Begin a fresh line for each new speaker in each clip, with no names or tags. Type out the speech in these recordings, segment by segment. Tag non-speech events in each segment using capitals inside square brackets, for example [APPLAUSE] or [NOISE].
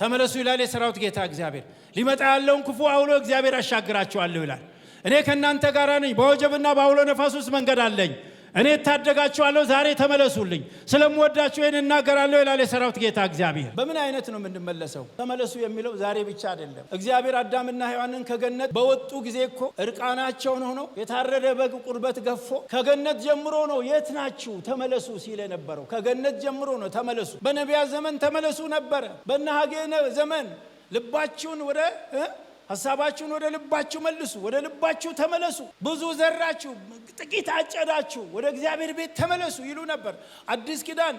ተመለሱ ይላል የሰራዊት ጌታ እግዚአብሔር። ሊመጣ ያለውን ክፉ አውሎ እግዚአብሔር አሻግራችኋለሁ ይላል። እኔ ከእናንተ ጋር ነኝ፣ በወጀብና በአውሎ ነፋስ ውስጥ መንገድ አለኝ። እኔ እታደጋችኋለሁ። ዛሬ ተመለሱልኝ፣ ስለምወዳችሁ ይህን እናገራለሁ ይላል የሰራዊት ጌታ እግዚአብሔር። በምን አይነት ነው የምንመለሰው? ተመለሱ የሚለው ዛሬ ብቻ አይደለም። እግዚአብሔር አዳምና ሔዋንን ከገነት በወጡ ጊዜ እኮ እርቃናቸውን ሆነው የታረደ በግ ቁርበት ገፎ ከገነት ጀምሮ ነው የት ናችሁ ተመለሱ ሲል የነበረው። ከገነት ጀምሮ ነው ተመለሱ። በነቢያ ዘመን ተመለሱ ነበረ። በነ ዘመን ልባችሁን ወደ ሀሳባችሁን ወደ ልባችሁ መልሱ። ወደ ልባችሁ ተመለሱ። ብዙ ዘራችሁ፣ ጥቂት አጨዳችሁ፣ ወደ እግዚአብሔር ቤት ተመለሱ ይሉ ነበር። አዲስ ኪዳን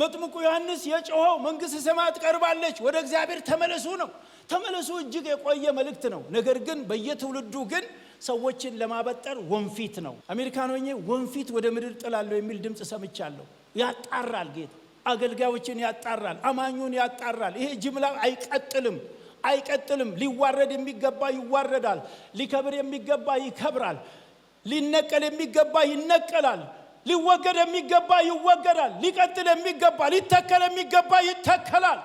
መጥምቁ ዮሐንስ የጮኸው መንግሥተ ሰማያት ቀርባለች፣ ወደ እግዚአብሔር ተመለሱ ነው። ተመለሱ እጅግ የቆየ መልእክት ነው። ነገር ግን በየትውልዱ ግን ሰዎችን ለማበጠር ወንፊት ነው። አሜሪካን ሆኜ ወንፊት ወደ ምድር ጥላለሁ የሚል ድምፅ ሰምቻለሁ። ያጣራል ጌታ አገልጋዮችን ያጣራል፣ አማኙን ያጣራል። ይሄ ጅምላ አይቀጥልም። አይቀጥልም። ሊዋረድ የሚገባ ይዋረዳል። ሊከብር የሚገባ ይከብራል። ሊነቀል የሚገባ ይነቀላል። ሊወገድ የሚገባ ይወገዳል። ሊቀጥል የሚገባ ሊተከል የሚገባ ይተከላል።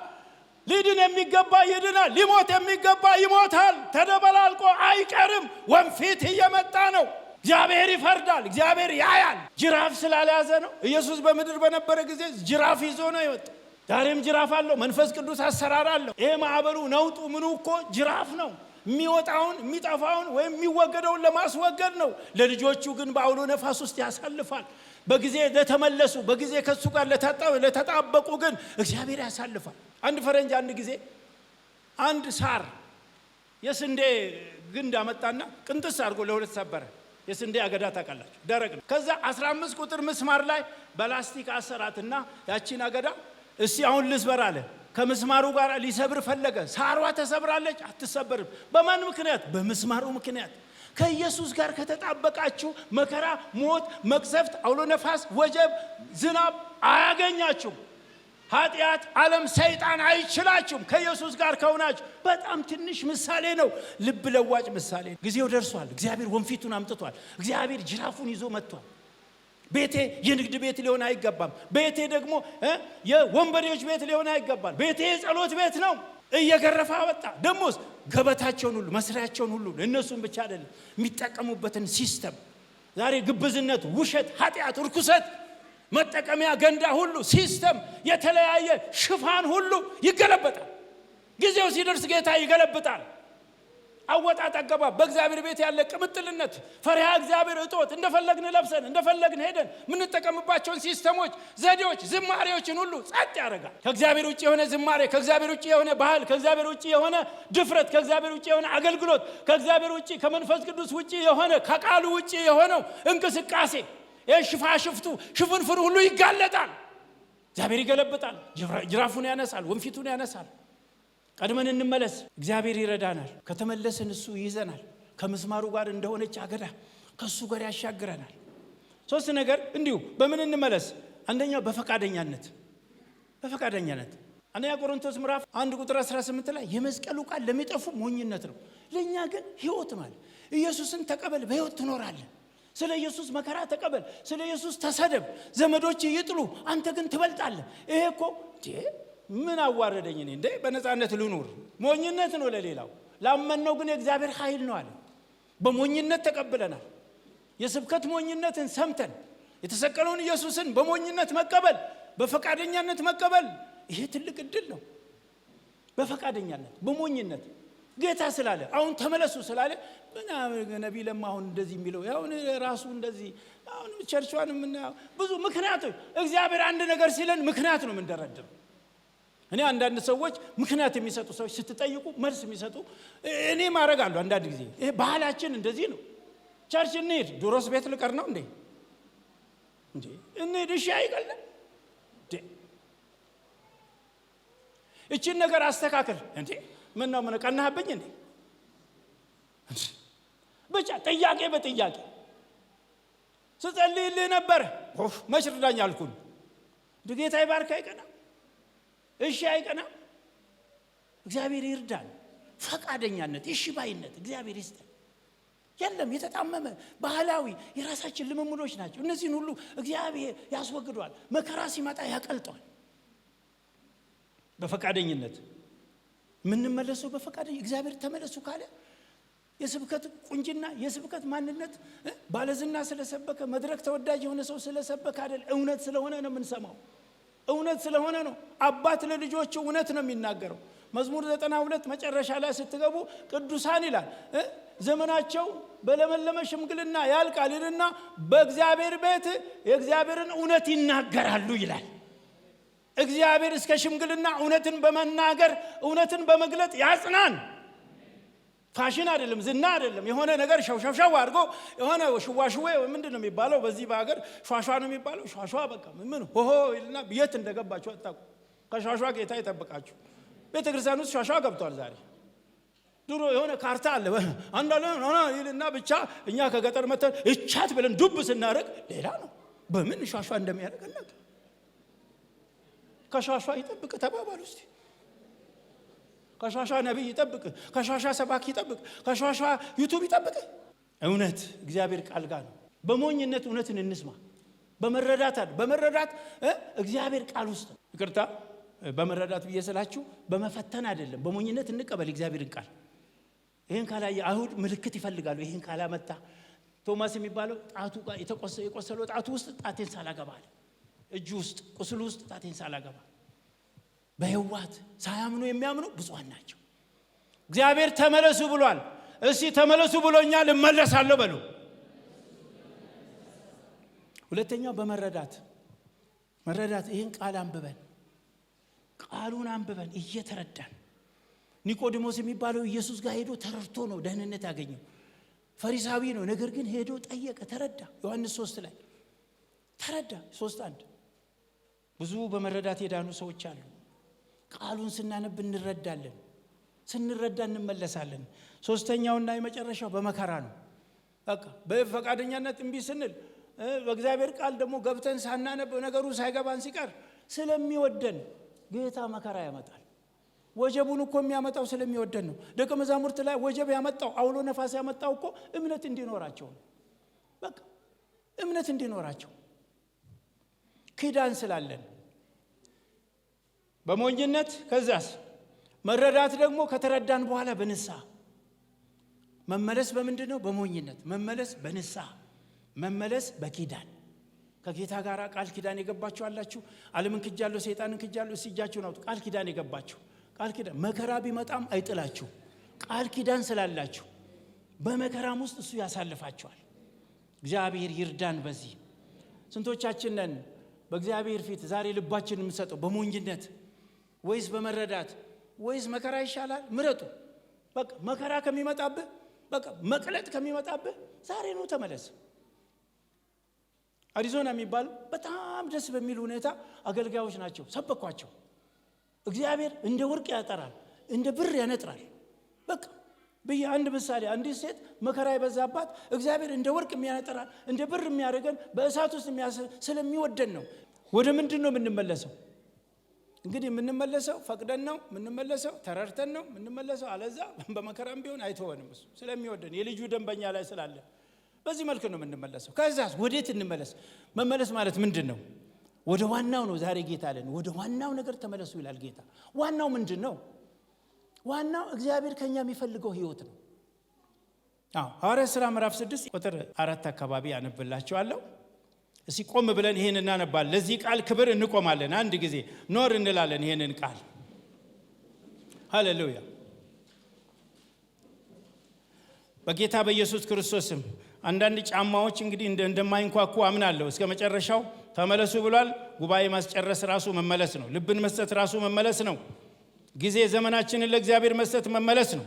ሊድን የሚገባ ይድናል። ሊሞት የሚገባ ይሞታል። ተደበላልቆ አይቀርም። ወንፊት እየመጣ ነው። እግዚአብሔር ይፈርዳል። እግዚአብሔር ያያል። ጅራፍ ስላልያዘ ነው። ኢየሱስ በምድር በነበረ ጊዜ ጅራፍ ይዞ ነው ይወጣ ዛሬም ጅራፍ አለው። መንፈስ ቅዱስ አሰራር አለው። ይሄ ማዕበሉ ነውጡ ምኑ እኮ ጅራፍ ነው። የሚወጣውን የሚጠፋውን ወይም የሚወገደውን ለማስወገድ ነው። ለልጆቹ ግን በአውሎ ነፋስ ውስጥ ያሳልፋል። በጊዜ ለተመለሱ በጊዜ ከሱ ጋር ለተጣበቁ ግን እግዚአብሔር ያሳልፋል። አንድ ፈረንጅ አንድ ጊዜ አንድ ሳር የስንዴ ግንድ አመጣና ቅንጥስ አድርጎ ለሁለት ሰበረ። የስንዴ አገዳ ታውቃላችሁ፣ ደረቅ ነው። ከዛ 15 ቁጥር ምስማር ላይ በላስቲክ አሰራትና ያቺን አገዳ እስቲ አሁን ልስበር አለ። ከምስማሩ ጋር ሊሰብር ፈለገ። ሳሯ ተሰብራለች፣ አትሰበርም። በማን ምክንያት? በምስማሩ ምክንያት። ከኢየሱስ ጋር ከተጣበቃችሁ መከራ፣ ሞት፣ መቅሰፍት፣ አውሎ ነፋስ፣ ወጀብ፣ ዝናብ አያገኛችሁም። ኃጢአት፣ ዓለም፣ ሰይጣን አይችላችሁም። ከኢየሱስ ጋር ከሆናችሁ በጣም ትንሽ ምሳሌ ነው፣ ልብ ለዋጭ ምሳሌ ነው። ጊዜው ደርሷል። እግዚአብሔር ወንፊቱን አምጥቷል። እግዚአብሔር ጅራፉን ይዞ መጥቷል። ቤቴ የንግድ ቤት ሊሆን አይገባም። ቤቴ ደግሞ የወንበዴዎች ቤት ሊሆን አይገባም። ቤቴ የጸሎት ቤት ነው። እየገረፈ አወጣ። ደግሞስ ገበታቸውን ሁሉ መስሪያቸውን ሁሉ እነሱን ብቻ አይደለም የሚጠቀሙበትን ሲስተም ዛሬ ግብዝነት፣ ውሸት፣ ኃጢአት፣ እርኩሰት መጠቀሚያ ገንዳ ሁሉ ሲስተም፣ የተለያየ ሽፋን ሁሉ ይገለበጣል። ጊዜው ሲደርስ ጌታ ይገለብጣል። አወጣጥ አገባብ፣ በእግዚአብሔር ቤት ያለ ቅምጥልነት፣ ፈሪሃ እግዚአብሔር እጦት፣ እንደፈለግን ለብሰን እንደፈለግን ሄደን የምንጠቀምባቸውን ሲስተሞች፣ ዘዴዎች፣ ዝማሬዎችን ሁሉ ጸጥ ያደርጋል። ከእግዚአብሔር ውጭ የሆነ ዝማሬ፣ ከእግዚአብሔር ውጭ የሆነ ባህል፣ ከእግዚአብሔር ውጭ የሆነ ድፍረት፣ ከእግዚአብሔር ውጭ የሆነ አገልግሎት፣ ከእግዚአብሔር ውጭ ከመንፈስ ቅዱስ ውጭ የሆነ ከቃሉ ውጭ የሆነው እንቅስቃሴ ሽፋሽፍቱ ሽፍንፍን ሁሉ ይጋለጣል። እግዚአብሔር ይገለብጣል። ጅራፉን ያነሳል፣ ወንፊቱን ያነሳል። ቀድመን እንመለስ። እግዚአብሔር ይረዳናል። ከተመለስን እሱ ይይዘናል። ከምስማሩ ጋር እንደሆነች አገዳ ከእሱ ጋር ያሻግረናል። ሶስት ነገር እንዲሁ በምን እንመለስ? አንደኛው በፈቃደኛነት በፈቃደኛነት አንደኛ ቆሮንቶስ ምዕራፍ አንድ ቁጥር 18 ላይ የመስቀሉ ቃል ለሚጠፉ ሞኝነት ነው፣ ለእኛ ግን ህይወት ማለት ኢየሱስን ተቀበል፣ በህይወት ትኖራለን። ስለ ኢየሱስ መከራ ተቀበል፣ ስለ ኢየሱስ ተሰደብ፣ ዘመዶች ይጥሉ፣ አንተ ግን ትበልጣለን ይሄ እኮ ምን አዋረደኝ? እኔ እንዴ በነፃነት ልኑር? ሞኝነት ነው ለሌላው። ላመነው ግን የእግዚአብሔር ኃይል ነው አለ። በሞኝነት ተቀብለናል። የስብከት ሞኝነትን ሰምተን የተሰቀለውን ኢየሱስን በሞኝነት መቀበል፣ በፈቃደኛነት መቀበል፣ ይሄ ትልቅ እድል ነው። በፈቃደኛነት በሞኝነት ጌታ ስላለ አሁን ተመለሱ ስላለ ምናምን ነቢ ለማ አሁን እንደዚህ የሚለው ሁን ራሱ እንደዚህ አሁን ቸርቿን ብዙ ምክንያቶች እግዚአብሔር አንድ ነገር ሲለን ምክንያት ነው የምንደረድረው እኔ አንዳንድ ሰዎች ምክንያት የሚሰጡ ሰዎች ስትጠይቁ መልስ የሚሰጡ እኔ ማድረግ አንዳንድ ጊዜ ይሄ ባህላችን እንደዚህ ነው። ቸርች እንሄድ፣ ድሮስ ቤት ልቀር ነው እንዴ? እንዴ እንሄድ፣ እሺ አይቀልም። እችን ነገር አስተካክል እንዴ? ምን ነው ምን ቀናህብኝ እንዴ? ብቻ ጥያቄ በጥያቄ ስጸልይልህ ነበር መች ርዳኝ አልኩን። ድጌታ ይባርክ አይቀና እሺ አይቀናም። እግዚአብሔር ይርዳን። ፈቃደኛነት፣ እሺ ባይነት እግዚአብሔር ይስጠን። የለም የተጣመመ ባህላዊ የራሳችን ልምምዶች ናቸው። እነዚህን ሁሉ እግዚአብሔር ያስወግደዋል። መከራ ሲመጣ ያቀልጠዋል። በፈቃደኝነት የምንመለሰው በፈቃደኝ እግዚአብሔር ተመለሱ ካለ የስብከት ቁንጅና የስብከት ማንነት ባለዝና ስለሰበከ መድረክ ተወዳጅ የሆነ ሰው ስለሰበከ አይደል፣ እውነት ስለሆነ ነው የምንሰማው። እውነት ስለሆነ ነው። አባት ለልጆቹ እውነት ነው የሚናገረው። መዝሙር ዘጠና ሁለት መጨረሻ ላይ ስትገቡ ቅዱሳን ይላል ዘመናቸው በለመለመ ሽምግልና ያልቃል ይልና በእግዚአብሔር ቤት የእግዚአብሔርን እውነት ይናገራሉ ይላል። እግዚአብሔር እስከ ሽምግልና እውነትን በመናገር እውነትን በመግለጥ ያጽናን። ፋሽን አይደለም፣ ዝና አይደለም። የሆነ ነገር ሸውሸውሸው አድርጎ የሆነ ሽዋሽዌ ምንድን ነው የሚባለው? በዚህ በሀገር ሿሿ ነው የሚባለው። ሿሿ በቃ ምን ሆሆ ይልና የት እንደገባችሁ አታውቁ። ከሿሿ ጌታ ይጠብቃችሁ። ቤተ ክርስቲያን ውስጥ ሿሿ ገብቷል ዛሬ። ድሮ የሆነ ካርታ አለ አንዳለ ይልና ብቻ እኛ ከገጠር መተን እቻት ብለን ዱብ ስናደርግ ሌላ ነው። በምን ሿሿ እንደሚያደርግ ከሿሿ ይጠብቅ ተባባሉ እስኪ ከሻሻ ነቢይ ይጠብቅ፣ ከሻሻ ሰባኪ ይጠብቅ፣ ከሻሻ ዩቱብ ይጠብቅ። እውነት እግዚአብሔር ቃል ጋር ነው። በሞኝነት እውነትን እንስማ። በመረዳት አለ በመረዳት እግዚአብሔር ቃል ውስጥ ነው። ይቅርታ በመረዳት ብዬ ስላችሁ በመፈተን አይደለም። በሞኝነት እንቀበል እግዚአብሔርን ቃል። ይህን ካላ አይሁድ ምልክት ይፈልጋሉ። ይህን ካላመጣ ቶማስ የሚባለው ጣቱ የቆሰለው ጣቱ ውስጥ ጣቴን ሳላገባ አለ። እጁ ውስጥ ቁስሉ ውስጥ ጣቴን ሳላገባ በህዋት ሳያምኑ የሚያምኑ ብፁዓን ናቸው። እግዚአብሔር ተመለሱ ብሏል። እሲ ተመለሱ ብሎኛል፣ ልመለሳለሁ በሉ። ሁለተኛው በመረዳት መረዳት። ይህን ቃል አንብበን ቃሉን አንብበን እየተረዳን ኒቆዲሞስ የሚባለው ኢየሱስ ጋር ሄዶ ተረድቶ ነው ደህንነት ያገኘው። ፈሪሳዊ ነው፣ ነገር ግን ሄዶ ጠየቀ፣ ተረዳ። ዮሐንስ ሶስት ላይ ተረዳ። ሶስት አንድ ብዙ በመረዳት የዳኑ ሰዎች አሉ። ቃሉን ስናነብ እንረዳለን። ስንረዳ እንመለሳለን። ሶስተኛውና የመጨረሻው በመከራ ነው። በቃ በፈቃደኛነት እንቢ ስንል በእግዚአብሔር ቃል ደግሞ ገብተን ሳናነብ ነገሩ ሳይገባን ሲቀር ስለሚወደን ጌታ መከራ ያመጣል። ወጀቡን እኮ የሚያመጣው ስለሚወደን ነው። ደቀ መዛሙርት ላይ ወጀብ ያመጣው አውሎ ነፋስ ያመጣው እኮ እምነት እንዲኖራቸው ነው። በቃ እምነት እንዲኖራቸው ኪዳን ስላለን በሞኝነት ከዛስ መረዳት ደግሞ ከተረዳን በኋላ በንሳ መመለስ በምንድን ነው? በሞኝነት መመለስ በንሳ መመለስ በኪዳን ከጌታ ጋር ቃል ኪዳን የገባችሁ አላችሁ። ዓለምን ክጃለሁ፣ ሰይጣንን ክጃለሁ። እስቲ እጃችሁን አውጡ። ቃል ኪዳን የገባችሁ ቃል ኪዳን መከራ ቢመጣም አይጥላችሁ። ቃል ኪዳን ስላላችሁ በመከራም ውስጥ እሱ ያሳልፋችኋል። እግዚአብሔር ይርዳን። በዚህ ስንቶቻችን ነን በእግዚአብሔር ፊት ዛሬ ልባችን የምንሰጠው በሞኝነት ወይስ በመረዳት ወይስ መከራ ይሻላል? ምረጡ። በቃ መከራ ከሚመጣብህ በቃ መቅለጥ ከሚመጣብህ ዛሬ ነው ተመለስ። አሪዞና የሚባል በጣም ደስ በሚል ሁኔታ አገልጋዮች ናቸው። ሰበኳቸው። እግዚአብሔር እንደ ወርቅ ያጠራል፣ እንደ ብር ያነጥራል። በቃ ብዬ አንድ ምሳሌ፣ አንዲት ሴት መከራ የበዛባት እግዚአብሔር እንደ ወርቅ የሚያነጥራል፣ እንደ ብር የሚያደርገን በእሳት ውስጥ ስለሚወደን ነው። ወደ ምንድን ነው የምንመለሰው? እንግዲህ የምንመለሰው ፈቅደን ነው የምንመለሰው፣ ተረድተን ነው የምንመለሰው። አለዛ [LAUGHS] በመከራም ቢሆን አይተወንም። እሱ ስለሚወደን የልጁ ደንበኛ ላይ ስላለ በዚህ መልክ ነው የምንመለሰው። ከዛ ወዴት እንመለስ? መመለስ ማለት ምንድን ነው? ወደ ዋናው ነው። ዛሬ ጌታ አለን፣ ወደ ዋናው ነገር ተመለሱ ይላል ጌታ። ዋናው ምንድን ነው? ዋናው እግዚአብሔር ከኛ የሚፈልገው ህይወት ነው። ሐዋርያ ሥራ ምዕራፍ 6 ቁጥር አራት አካባቢ ያነብላችኋለሁ። ሲቆም ቆም ብለን ይሄን እናነባለን። ለዚህ ቃል ክብር እንቆማለን። አንድ ጊዜ ኖር እንላለን ይሄንን ቃል። ሃሌሉያ። በጌታ በኢየሱስ ክርስቶስም አንዳንድ ጫማዎች እንግዲህ እንደማይንኳኩ አምናለሁ። እስከ መጨረሻው ተመለሱ ብሏል። ጉባኤ ማስጨረስ ራሱ መመለስ ነው። ልብን መስጠት ራሱ መመለስ ነው። ጊዜ ዘመናችንን ለእግዚአብሔር መስጠት መመለስ ነው።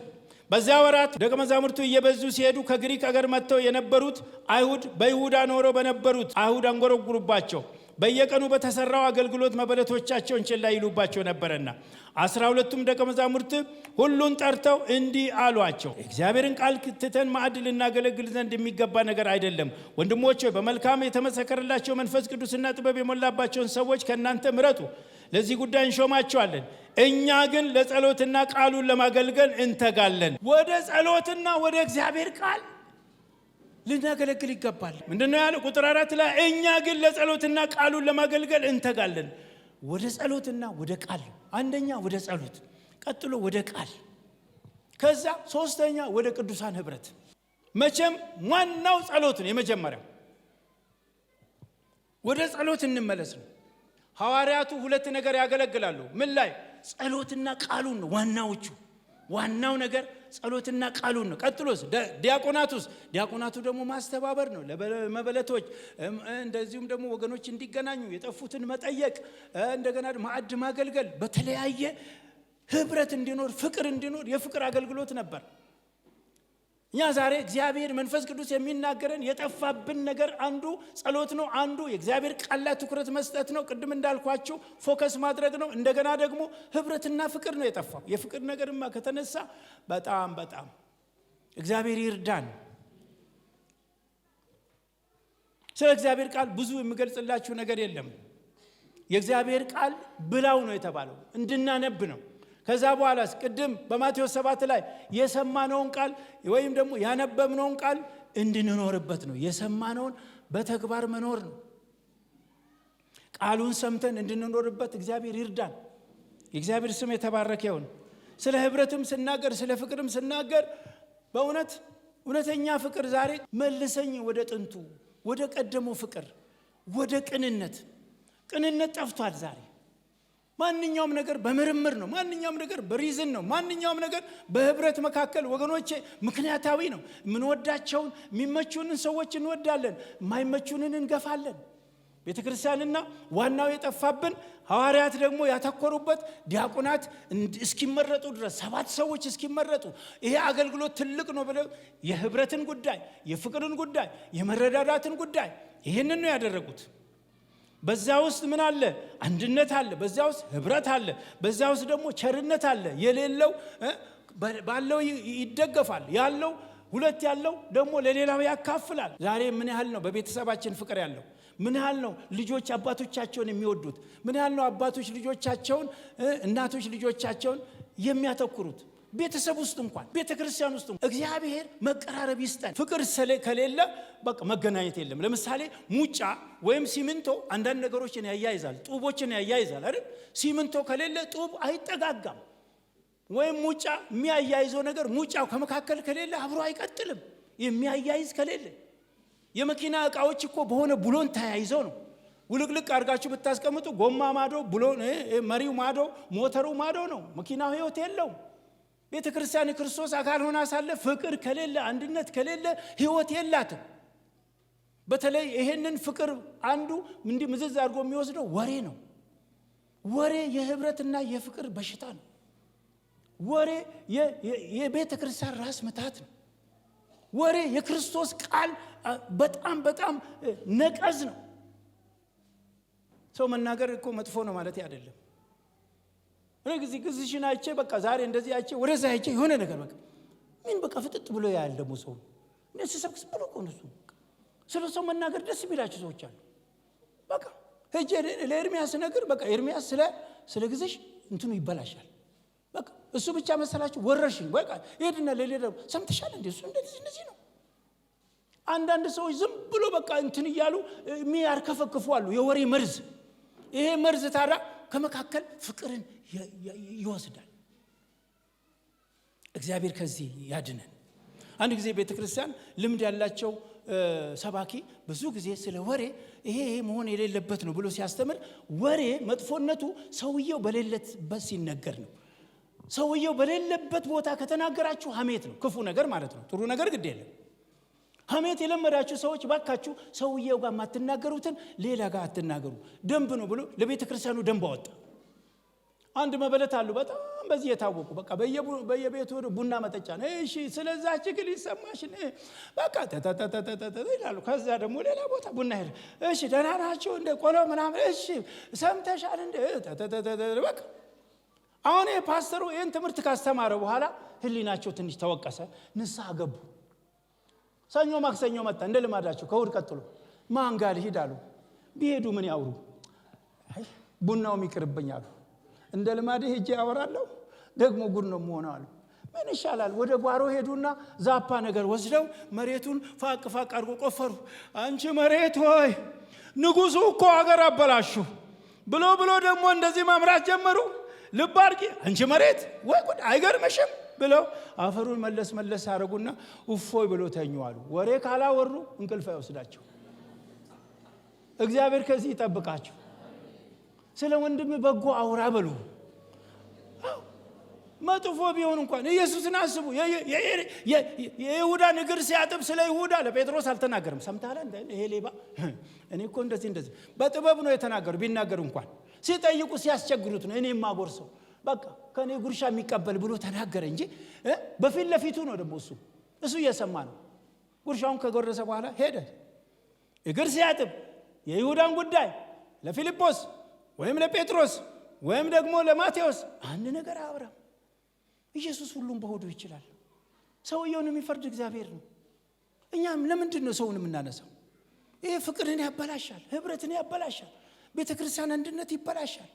በዚያ ወራት ደቀ መዛሙርቱ እየበዙ ሲሄዱ ከግሪክ አገር መጥተው የነበሩት አይሁድ በይሁዳ ኖሮ በነበሩት አይሁድ አንጎረጉሩባቸው። በየቀኑ በተሰራው አገልግሎት መበለቶቻቸውን ችላ ይሉባቸው ነበረና አስራ ሁለቱም ደቀ መዛሙርት ሁሉን ጠርተው እንዲህ አሏቸው፣ እግዚአብሔርን ቃል ትተን ማዕድ ልናገለግል ዘንድ የሚገባ ነገር አይደለም። ወንድሞች ሆይ በመልካም የተመሰከረላቸው መንፈስ ቅዱስና ጥበብ የሞላባቸውን ሰዎች ከእናንተ ምረጡ፣ ለዚህ ጉዳይ እንሾማቸዋለን። እኛ ግን ለጸሎትና ቃሉን ለማገልገል እንተጋለን። ወደ ጸሎትና ወደ እግዚአብሔር ቃል ልናገለግል ይገባል። ምንድነው ያለ ቁጥር አራት ላይ እኛ ግን ለጸሎትና ቃሉን ለማገልገል እንተጋለን። ወደ ጸሎትና ወደ ቃል፣ አንደኛ ወደ ጸሎት፣ ቀጥሎ ወደ ቃል፣ ከዛ ሶስተኛ ወደ ቅዱሳን ህብረት። መቼም ዋናው ጸሎት ነው። የመጀመሪያው ወደ ጸሎት እንመለስ ነው። ሐዋርያቱ ሁለት ነገር ያገለግላሉ። ምን ላይ ጸሎትና ቃሉን ነው ዋናዎቹ። ዋናው ነገር ጸሎትና ቃሉን ነው። ቀጥሎስ ዲያቆናቱስ? ዲያቆናቱ ደግሞ ማስተባበር ነው ለመበለቶች፣ እንደዚሁም ደግሞ ወገኖች እንዲገናኙ የጠፉትን መጠየቅ፣ እንደገና ማዕድ ማገልገል፣ በተለያየ ህብረት እንዲኖር፣ ፍቅር እንዲኖር የፍቅር አገልግሎት ነበር። እኛ ዛሬ እግዚአብሔር መንፈስ ቅዱስ የሚናገረን የጠፋብን ነገር አንዱ ጸሎት ነው። አንዱ የእግዚአብሔር ቃል ትኩረት መስጠት ነው። ቅድም እንዳልኳቸው ፎከስ ማድረግ ነው። እንደገና ደግሞ ህብረትና ፍቅር ነው የጠፋው። የፍቅር ነገርማ ከተነሳ በጣም በጣም እግዚአብሔር ይርዳን። ስለ እግዚአብሔር ቃል ብዙ የምገልጽላችሁ ነገር የለም። የእግዚአብሔር ቃል ብላው ነው የተባለው፣ እንድናነብ ነው ከዛ በኋላ ቅድም በማቴዎስ ሰባት ላይ የሰማነውን ቃል ወይም ደግሞ ያነበብነውን ቃል እንድንኖርበት ነው። የሰማነውን በተግባር መኖር ነው። ቃሉን ሰምተን እንድንኖርበት እግዚአብሔር ይርዳን። የእግዚአብሔር ስም የተባረከ ይሆን ስለ ህብረትም ስናገር፣ ስለ ፍቅርም ስናገር በእውነት እውነተኛ ፍቅር ዛሬ መልሰኝ ወደ ጥንቱ ወደ ቀደመው ፍቅር ወደ ቅንነት። ቅንነት ጠፍቷል ዛሬ ማንኛውም ነገር በምርምር ነው። ማንኛውም ነገር በሪዝን ነው። ማንኛውም ነገር በህብረት መካከል ወገኖቼ ምክንያታዊ ነው። የምንወዳቸውን የሚመቹንን ሰዎች እንወዳለን፣ የማይመቹንን እንገፋለን። ቤተ ክርስቲያንና ዋናው የጠፋብን ሐዋርያት ደግሞ ያተኮሩበት ዲያቆናት እስኪመረጡ ድረስ ሰባት ሰዎች እስኪመረጡ ይሄ አገልግሎት ትልቅ ነው ብለው የህብረትን ጉዳይ፣ የፍቅርን ጉዳይ፣ የመረዳዳትን ጉዳይ ይህንን ነው ያደረጉት። በዛ ውስጥ ምን አለ? አንድነት አለ። በዛ ውስጥ ህብረት አለ። በዛ ውስጥ ደግሞ ቸርነት አለ። የሌለው ባለው ይደገፋል። ያለው ሁለት ያለው ደግሞ ለሌላው ያካፍላል። ዛሬ ምን ያህል ነው በቤተሰባችን ፍቅር ያለው? ምን ያህል ነው ልጆች አባቶቻቸውን የሚወዱት? ምን ያህል ነው አባቶች ልጆቻቸውን፣ እናቶች ልጆቻቸውን የሚያተኩሩት? ቤተሰብ ውስጥ እንኳን ቤተ ክርስቲያን ውስጥ እግዚአብሔር መቀራረብ ይስጠን። ፍቅር ከሌለ በቃ መገናኘት የለም። ለምሳሌ ሙጫ ወይም ሲሚንቶ አንዳንድ ነገሮችን ያያይዛል፣ ጡቦችን ያያይዛል አይደል? ሲሚንቶ ከሌለ ጡብ አይጠጋጋም። ወይም ሙጫ የሚያያይዘው ነገር ሙጫው ከመካከል ከሌለ አብሮ አይቀጥልም። የሚያያይዝ ከሌለ የመኪና እቃዎች እኮ በሆነ ቡሎን ተያይዘው ነው ውልቅልቅ አድርጋችሁ ብታስቀምጡ ጎማ ማዶ፣ ቡሎን መሪው ማዶ፣ ሞተሩ ማዶ ነው። መኪናው ህይወት የለውም። ቤተ ክርስቲያን የክርስቶስ አካል ሆና ሳለ ፍቅር ከሌለ አንድነት ከሌለ ህይወት የላትም። በተለይ ይሄንን ፍቅር አንዱ እንዲህ ምዝዝ አድርጎ የሚወስደው ወሬ ነው። ወሬ የህብረትና የፍቅር በሽታ ነው። ወሬ የቤተ ክርስቲያን ራስ ምታት ነው። ወሬ የክርስቶስ ቃል በጣም በጣም ነቀዝ ነው። ሰው መናገር እኮ መጥፎ ነው ማለት አይደለም። ሆነ ጊዜ ግዝሽን አይቼ በቃ ዛሬ እንደዚህ አይቼ ወደዛ አይቼ የሆነ ነገር በቃ ምን በቃ ፍጥጥ ብሎ ያህል ደግሞ ሰው ሰብክስ ብሎ ከሆነሱ ስለ ሰው መናገር ደስ የሚላቸው ሰዎች አሉ። በቃ ሄጄ ለኤርሚያስ ነገር በቃ ኤርሚያስ ስለ ስለ ግዝሽ እንትኑ ይበላሻል። በቃ እሱ ብቻ መሰላቸው ወረርሽኝ በቃ ይሄድና ለሌለ ሰምተሻል እንዴ? እሱ እንደዚህ እንደዚህ ነው። አንዳንድ ሰዎች ዝም ብሎ በቃ እንትን እያሉ የሚያርከፈክፉ አሉ። የወሬ መርዝ ይሄ መርዝ ታዲያ ከመካከል ፍቅርን ይወስዳል። እግዚአብሔር ከዚህ ያድነን። አንድ ጊዜ ቤተ ክርስቲያን ልምድ ያላቸው ሰባኪ ብዙ ጊዜ ስለ ወሬ ይሄ መሆን የሌለበት ነው ብሎ ሲያስተምር ወሬ መጥፎነቱ ሰውየው በሌለበት ሲነገር ነው። ሰውየው በሌለበት ቦታ ከተናገራችሁ ሀሜት ነው፣ ክፉ ነገር ማለት ነው። ጥሩ ነገር ግድ የለም። ሐሜት የለመዳችሁ ሰዎች ባካችሁ ሰውየው ጋር የማትናገሩትን ሌላ ጋር አትናገሩ። ደንብ ነው ብሎ ለቤተ ክርስቲያኑ ደንብ አወጣ። አንድ መበለት አሉ በጣም በዚህ የታወቁ በቃ በየቤቱ ቡና መጠጫ ነው። እሺ ስለዛ ግን ይሰማሽ በቃ ይላሉ። ከዛ ደግሞ ሌላ ቦታ ቡና ሄደ። እሺ ደህና ናቸው እንደ ቆሎ ምናምን እሺ ሰምተሻል እንደ በቃ አሁን ፓስተሩ ይህን ትምህርት ካስተማረ በኋላ ህሊናቸው ትንሽ ተወቀሰ፣ ንስሐ ገቡ። ሰኞ ማክሰኞ መጣ። እንደ ልማዳቸው ከውድ ቀጥሎ ማን ጋር ልሂድ አሉ። ቢሄዱ ምን ያውሩ፣ ቡናውም ይቅርብኝ አሉ። እንደ ልማድ ሄጄ ያወራለሁ ደግሞ ጉድ ነው የምሆነው አሉ። ምን ይሻላል? ወደ ጓሮ ሄዱና ዛፓ ነገር ወስደው መሬቱን ፋቅ ፋቅ አድርጎ ቆፈሩ። አንቺ መሬት ሆይ ንጉሱ እኮ አገር አበላሹ ብሎ ብሎ ደግሞ እንደዚህ መምራት ጀመሩ። ልብ አድርጌ አንቺ መሬት ወይ አይገርምሽም? ብለው አፈሩን መለስ መለስ አደረጉና ውፎይ ብሎ ተኙ አሉ። ወሬ ካላወሩ እንቅልፍ አይወስዳቸው። እግዚአብሔር ከዚህ ይጠብቃቸው። ስለ ወንድም በጎ አውራ በሉ። መጥፎ ቢሆን እንኳን ኢየሱስን አስቡ። የይሁዳ እግር ሲያጥብ ስለ ይሁዳ ለጴጥሮስ አልተናገርም። ሰምታለ ይሄ ሌባ፣ እኔ እኮ እንደዚህ እንደዚህ። በጥበብ ነው የተናገሩ። ቢናገሩ እንኳን ሲጠይቁ ሲያስቸግሩት ነው እኔ የማጎርሰው በቃ ከእኔ ጉርሻ የሚቀበል ብሎ ተናገረ እንጂ በፊት ለፊቱ ነው ደግሞ እሱ እሱ እየሰማ ነው። ጉርሻውን ከጎረሰ በኋላ ሄደ። እግር ሲያጥብ የይሁዳን ጉዳይ ለፊልጶስ ወይም ለጴጥሮስ ወይም ደግሞ ለማቴዎስ አንድ ነገር አብራ ኢየሱስ ሁሉም በሆዱ ይችላል። ሰውየውን የሚፈርድ እግዚአብሔር ነው። እኛም ለምንድን ነው ሰውን የምናነሳው? ይህ ፍቅርን ያበላሻል፣ ህብረትን ያበላሻል፣ ቤተ ክርስቲያን አንድነት ይበላሻል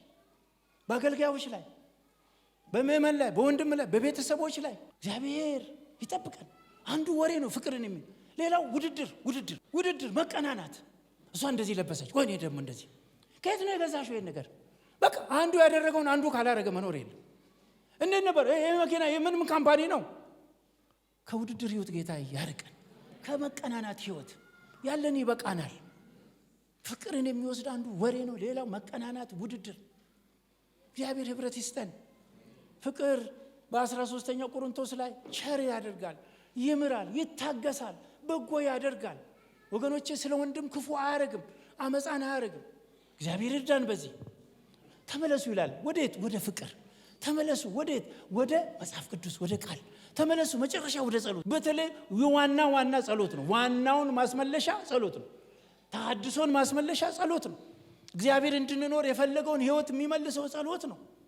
በአገልጋዮች ላይ በመመን ላይ፣ በወንድም ላይ፣ በቤተሰቦች ላይ እግዚአብሔር ይጠብቀን አንዱ ወሬ ነው ፍቅርን የሚል ሌላው ውድድር ውድድር ውድድር መቀናናት። እሷ እንደዚህ ለበሰች ወይ እኔ ደግሞ እንደዚህ። ከየት ነው የገዛሽ ይሄን ነገር? በቃ አንዱ ያደረገውን አንዱ ካላደረገ መኖር የለም። እንዴት ነበር ይህ መኪና? የምንም ካምፓኒ ነው። ከውድድር ህይወት ጌታ ያርቀን፣ ከመቀናናት ህይወት ያለን ይበቃናል። ፍቅርን የሚወስድ አንዱ ወሬ ነው፣ ሌላው መቀናናት፣ ውድድር። እግዚአብሔር ህብረት ይስጠን። ፍቅር በአስራ ሦስተኛው ቆሮንቶስ ላይ ቸር ያደርጋል፣ ይምራል፣ ይታገሳል፣ በጎ ያደርጋል። ወገኖች ስለ ወንድም ክፉ አያረግም፣ አመፃን አያረግም። እግዚአብሔር እርዳን። በዚህ ተመለሱ ይላል። ወዴት? ወደ ፍቅር ተመለሱ። ወዴት? ወደ መጽሐፍ ቅዱስ ወደ ቃል ተመለሱ። መጨረሻ ወደ ጸሎት። በተለይ ዋና ዋና ጸሎት ነው። ዋናውን ማስመለሻ ጸሎት ነው። ተሐድሶን ማስመለሻ ጸሎት ነው። እግዚአብሔር እንድንኖር የፈለገውን ሕይወት የሚመልሰው ጸሎት ነው።